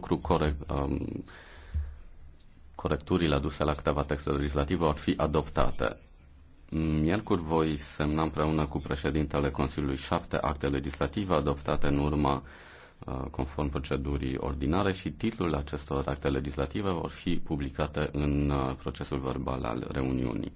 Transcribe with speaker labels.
Speaker 1: lucru corect, um, corecturile aduse la câteva texte legislative ar fi adoptate. Mm, miercuri voi semna împreună cu președintele Consiliului șapte acte legislative adoptate în urma uh, conform procedurii ordinare și titlul acestor acte legislative vor fi publicate în uh, procesul verbal al
Speaker 2: reuniunii.